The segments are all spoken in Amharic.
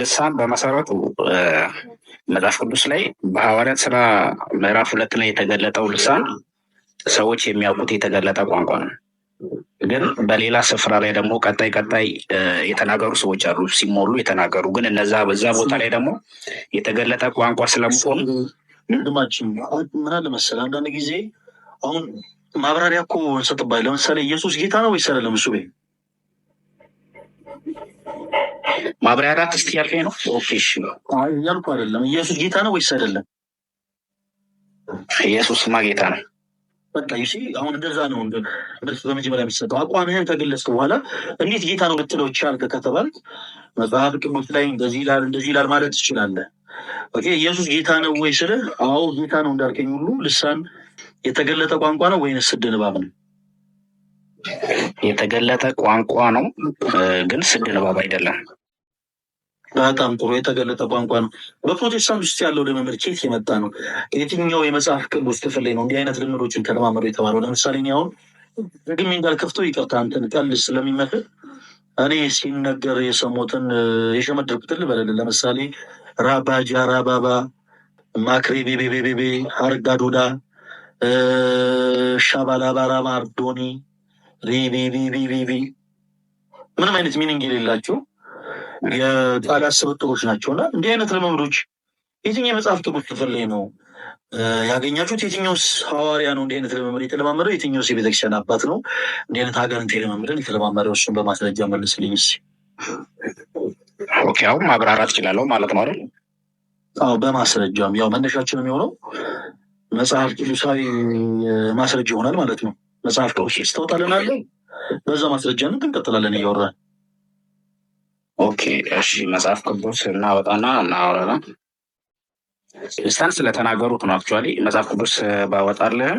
ልሳን በመሰረቱ መጽሐፍ ቅዱስ ላይ በሐዋርያት ስራ ምዕራፍ ሁለት ላይ የተገለጠው ልሳን ሰዎች የሚያውቁት የተገለጠ ቋንቋ ነው። ግን በሌላ ስፍራ ላይ ደግሞ ቀጣይ ቀጣይ የተናገሩ ሰዎች አሉ፣ ሲሞሉ የተናገሩ ግን እነዛ በዛ ቦታ ላይ ደግሞ የተገለጠ ቋንቋ ስለመሆኑ ወንድማችን ምን አለ መሰለህ፣ አንዳንድ ጊዜ አሁን ማብራሪያ እኮ እንሰጥባለን። ለምሳሌ ኢየሱስ ጌታ ነው ወይስ አይደለም? እሱ ቤት ማብራራት እስቲ ያልከኝ ነው ኦኬሽ እያልኩ አይደለም። ኢየሱስ ጌታ ነው ወይስ አይደለም? ኢየሱስማ ጌታ ነው። በቃ ይሲ አሁን እንደዛ ነው በመጀመሪያ የሚሰጠው። አቋምህን ከገለጽክ በኋላ እንዴት ጌታ ነው ልትለው ይቻልክ ከተባልክ መጽሐፍ ቅዱስ ላይ እንደዚህ ይላል እንደዚህ ይላል ማለት ትችላለህ። ኦኬ ኢየሱስ ጌታ ነው ወይ ስለ አዎ ጌታ ነው እንዳልከኝ ሁሉ ልሳን የተገለጠ ቋንቋ ነው ወይንስ ስድ ንባብ ነው? የተገለጠ ቋንቋ ነው፣ ግን ስድ ንባብ አይደለም። በጣም ጥሩ የተገለጠ ቋንቋ ነው። በፕሮቴስታንት ውስጥ ያለው ልምምድ ኬት የመጣ ነው? የትኛው የመጽሐፍ ቅዱስ ክፍል ላይ ነው እንዲህ አይነት ልምዶችን ከተማመዱ የተባለው? ለምሳሌ እኔ አሁን ግሚን ጋር ከፍቶ ይቅርታ አንተን ቀልድ ስለሚመስል እኔ ሲነገር የሰሞትን የሸመደርኩትን ልበልልን። ለምሳሌ ራባጃ፣ ራባባ፣ ማክሬ፣ ቤቤቤቤቤ፣ አርጋዶዳ፣ ሻባላባራ፣ አርዶኒ ሬቤቤቤቤ ምንም አይነት ሚኒንግ የሌላቸው የቃላት ስብጥሮች ናቸው እና እንዲህ አይነት ልምምዶች የትኛው የመጽሐፍ ቅዱስ ክፍል ላይ ነው ያገኛችሁት? የትኛውስ ሐዋርያ ነው እንዲህ አይነት ልምምድ የተለማመደው? የትኛውስ የቤተክርስቲያን አባት ነው እንዲህ አይነት ሀገርን የለማመደን የተለማመደው? እሱን በማስረጃ መልስልኝ። ኦኬ፣ አሁን ማብራራት እችላለሁ ማለት ነው አይደል? አዎ፣ በማስረጃም ያው መነሻችን የሚሆነው መጽሐፍ ቅዱሳዊ ማስረጃ ይሆናል ማለት ነው። መጽሐፍ ቅዱስ ታወጣለናለ፣ በዛ ማስረጃነት እንቀጥላለን እያወራን ኦኬ እሺ መጽሐፍ ቅዱስ እናወጣና እናወራና ክርስቲያን ስለተናገሩት ነው። አክቹዋሊ መጽሐፍ ቅዱስ ባወጣልህ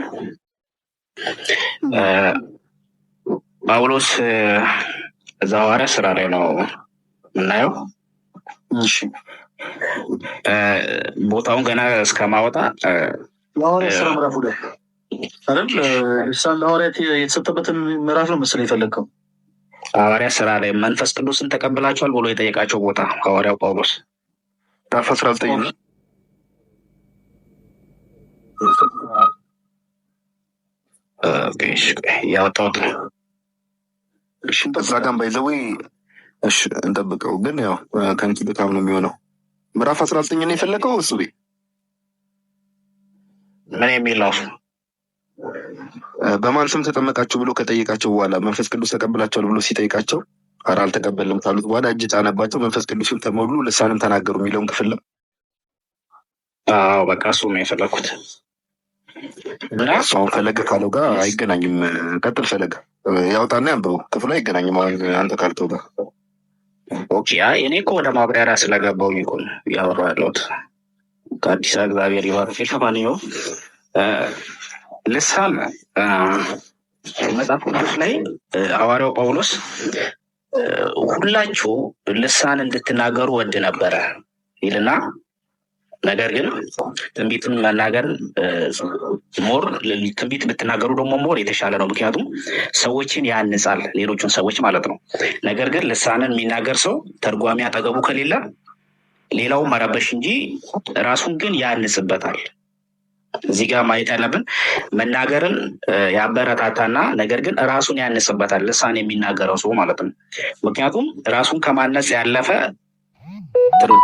ጳውሎስ እዛ ሐዋርያ ስራ ላይ ነው የምናየው። ቦታውን ገና እስከማወጣ ሐዋርያ ስራ ምዕራፍ ሁለት አይደል? ክርስቲያን ለሐዋርያት የተሰጠበትን ምዕራፍ ነው መሰለኝ የፈለግከው ሐዋርያ ስራ ላይ መንፈስ ቅዱስን ተቀብላቸዋል ብሎ የጠየቃቸው ቦታ ሐዋርያው ጳውሎስ ምዕራፍ አስራ ዘጠኝ ያወጣሁት እዛ ጋም ባይዘዌ እሺ እንጠብቀው። ግን ያው ከንቱ በጣም ነው የሚሆነው። ምዕራፍ አስራ ዘጠኝ ነው የፈለገው እሱ ምን የሚለው በማን ስም ተጠመቃችሁ ብሎ ከጠየቃቸው በኋላ መንፈስ ቅዱስ ተቀብላቸዋል ብሎ ሲጠይቃቸው ኧረ አልተቀበልም ካሉት በኋላ እጅ ጫነባቸው፣ መንፈስ ቅዱስም ተሞሉ፣ ልሳንም ተናገሩ የሚለውን ክፍል ነው። በቃ እሱ ነው የፈለግኩት። አሁን ፈለገ ካለው ጋር አይገናኝም። ቀጥል ፈለገ ያውጣና ያንብበው ክፍሉ አይገናኝም። አሁን አንተ ካልተው ጋር ኦኬ። እኔ እኮ ወደ ማብራሪያ ስለገባው እኮ እያወራሁ ያለሁት ከአዲስ እግዚአብሔር ይባርክ። ለማንኛውም ልሳን መጽሐፍ ቅዱስ ላይ ሐዋርያው ጳውሎስ ሁላችሁ ልሳን እንድትናገሩ ወድ ነበረ ይልና ነገር ግን ትንቢትን መናገር ሞር ትንቢት ብትናገሩ ደግሞ ሞር የተሻለ ነው። ምክንያቱም ሰዎችን ያንጻል፣ ሌሎችን ሰዎች ማለት ነው። ነገር ግን ልሳንን የሚናገር ሰው ተርጓሚ አጠገቡ ከሌለ ሌላው መረበሽ እንጂ ራሱን ግን ያንጽበታል። እዚህ ጋር ማየት ያለብን መናገርን ያበረታታና ነገር ግን ራሱን ያንስበታል ልሳን የሚናገረው ሰው ማለት ነው። ምክንያቱም ራሱን ከማነጽ ያለፈ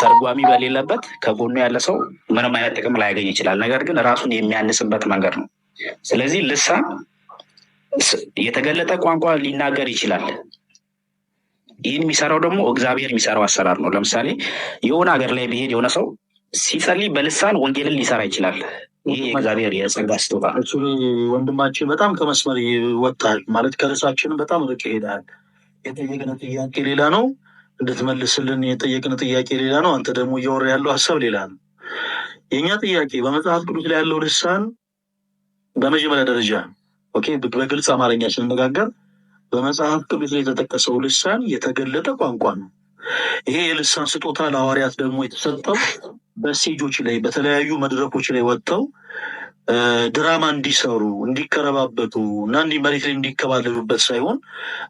ተርጓሚ በሌለበት ከጎኑ ያለ ሰው ምንም አይነት ጥቅም ላያገኝ ይችላል። ነገር ግን ራሱን የሚያንስበት መንገድ ነው። ስለዚህ ልሳን የተገለጠ ቋንቋ ሊናገር ይችላል። ይህን የሚሰራው ደግሞ እግዚአብሔር የሚሰራው አሰራር ነው። ለምሳሌ የሆነ ሀገር ላይ ብሄድ የሆነ ሰው ሲጸልይ በልሳን ወንጌልን ሊሰራ ይችላል። እግዚአብሔር የጸጋ ስጦታ ወንድማችን በጣም ከመስመር ይወጣል ማለት ከርሳችን በጣም ርቅ ይሄዳል። የጠየቅነ ጥያቄ ሌላ ነው፣ እንድትመልስልን የጠየቅን ጥያቄ ሌላ ነው። አንተ ደግሞ እያወራ ያለው ሀሳብ ሌላ ነው። የእኛ ጥያቄ በመጽሐፍ ቅዱስ ላይ ያለው ልሳን በመጀመሪያ ደረጃ በግልጽ አማርኛ ስንነጋገር በመጽሐፍ ቅዱስ ላይ የተጠቀሰው ልሳን የተገለጠ ቋንቋ ነው። ይሄ የልሳን ስጦታ ለሐዋርያት ደግሞ የተሰጠው በሴጆች ላይ በተለያዩ መድረኮች ላይ ወጥተው ድራማ እንዲሰሩ እንዲከረባበቱ እና እንዲህ መሬት ላይ እንዲከባለሉበት ሳይሆን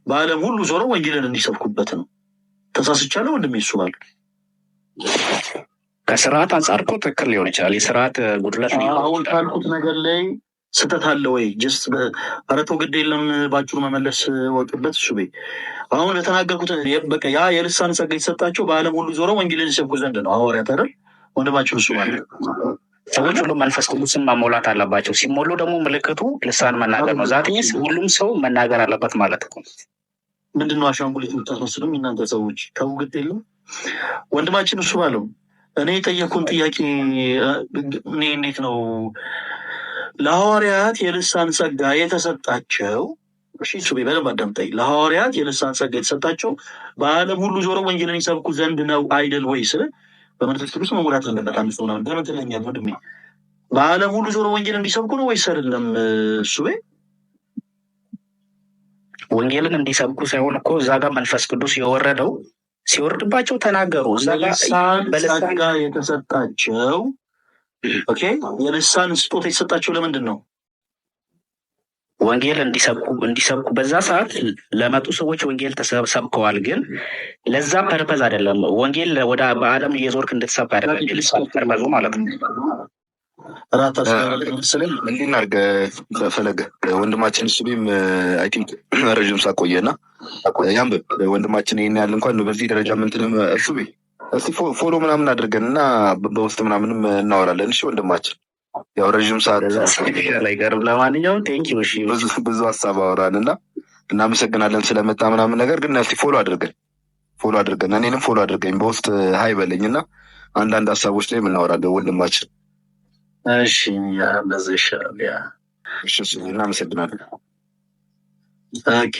በዓለም ሁሉ ዞረው ወንጌልን እንዲሰብኩበት ነው። ተሳስቻለሁ ወንድሜ? ይሱባል ከስርዓት አንጻር እኮ ትክክል ሊሆን ይችላል። የስርዓት ጉድለት አሁን ካልኩት ነገር ላይ ስህተት አለ ወይ? ጀስት ኧረ ተው ግድ የለም ባጭሩ መመለስ ወቅበት እሱ ቤ አሁን የተናገርኩት በቃ ያ የልሳን ጸጋ የተሰጣቸው በዓለም ሁሉ ዞረው ወንጌልን ይሰብኩ ዘንድ ነው ሐዋርያት አይደል? ወንድማቸው እሱ ማለት ሰዎች ሁሉ መንፈስ ቅዱስን መሞላት አለባቸው። ሲሞሉ ደግሞ ምልክቱ ልሳን መናገር ነው። ዛትኝስ ሁሉም ሰው መናገር አለበት ማለት ነው። ምንድነው አሻንጉሊት የምታስመስሉም እናንተ ሰዎች ከውግጥ የለም። ወንድማችን እሱ ባለው እኔ የጠየኩን ጥያቄ እኔ እንዴት ነው ለሐዋርያት የልሳን ጸጋ የተሰጣቸው? እሺ እሱ በደንብ አዳምጠኝ። ለሐዋርያት የልሳን ጸጋ የተሰጣቸው በዓለም ሁሉ ዞሮ ወንጌልን ይሰብኩ ዘንድ ነው አይደል ወይ ስለ በመንፈስ ቅዱስ መሙላት አለበት። አንድ ሰው ለምን ትለኛለህ ወንድሜ? በዓለም ሁሉ ዞሮ ወንጌል እንዲሰብኩ ነው ወይስ አይደለም? እሱ ወንጌልን እንዲሰብኩ ሳይሆን እኮ እዛ ጋር መንፈስ ቅዱስ የወረደው ሲወርድባቸው ተናገሩ። እዛ ጋር የተሰጣቸው የልሳን ስጦታ የተሰጣቸው ለምንድን ነው? ወንጌል እንዲሰብኩ እንዲሰብኩ በዛ ሰዓት ለመጡ ሰዎች ወንጌል ተሰብከዋል። ግን ለዛ ፐርፐዝ አይደለም። ወንጌል ወደ በአለም እየዞርክ እንድትሰብክ አይደለም ማለት ነው። ራስስልም እንዲና አርገ ፈለገ ወንድማችን እሱም አይ ረዥም ሳቆየ ሳቆየና ያንብብ ወንድማችን ይህን ያህል እንኳን በዚህ ደረጃ ምንትንም እሱ እስቲ ፎሎ ምናምን አድርገን እና በውስጥ ምናምንም እናወራለን። እሺ ወንድማችን ያው ረዥም ሰዓት ላይቀርም። ለማንኛውም ቴንኪው። እሺ ብዙ ሀሳብ አወራን እና እናመሰግናለን ስለመጣ ምናምን ነገር ግን ነፍቲ ፎሎ አድርገን ፎሎ አድርገን እኔንም ፎሎ አድርገኝ በውስጥ ሀይ በለኝ እና አንዳንድ ሀሳቦች ላይ የምናወራለን ወንድማችን። እሺ ይሻላል። ያ እናመሰግናለን። ኦኬ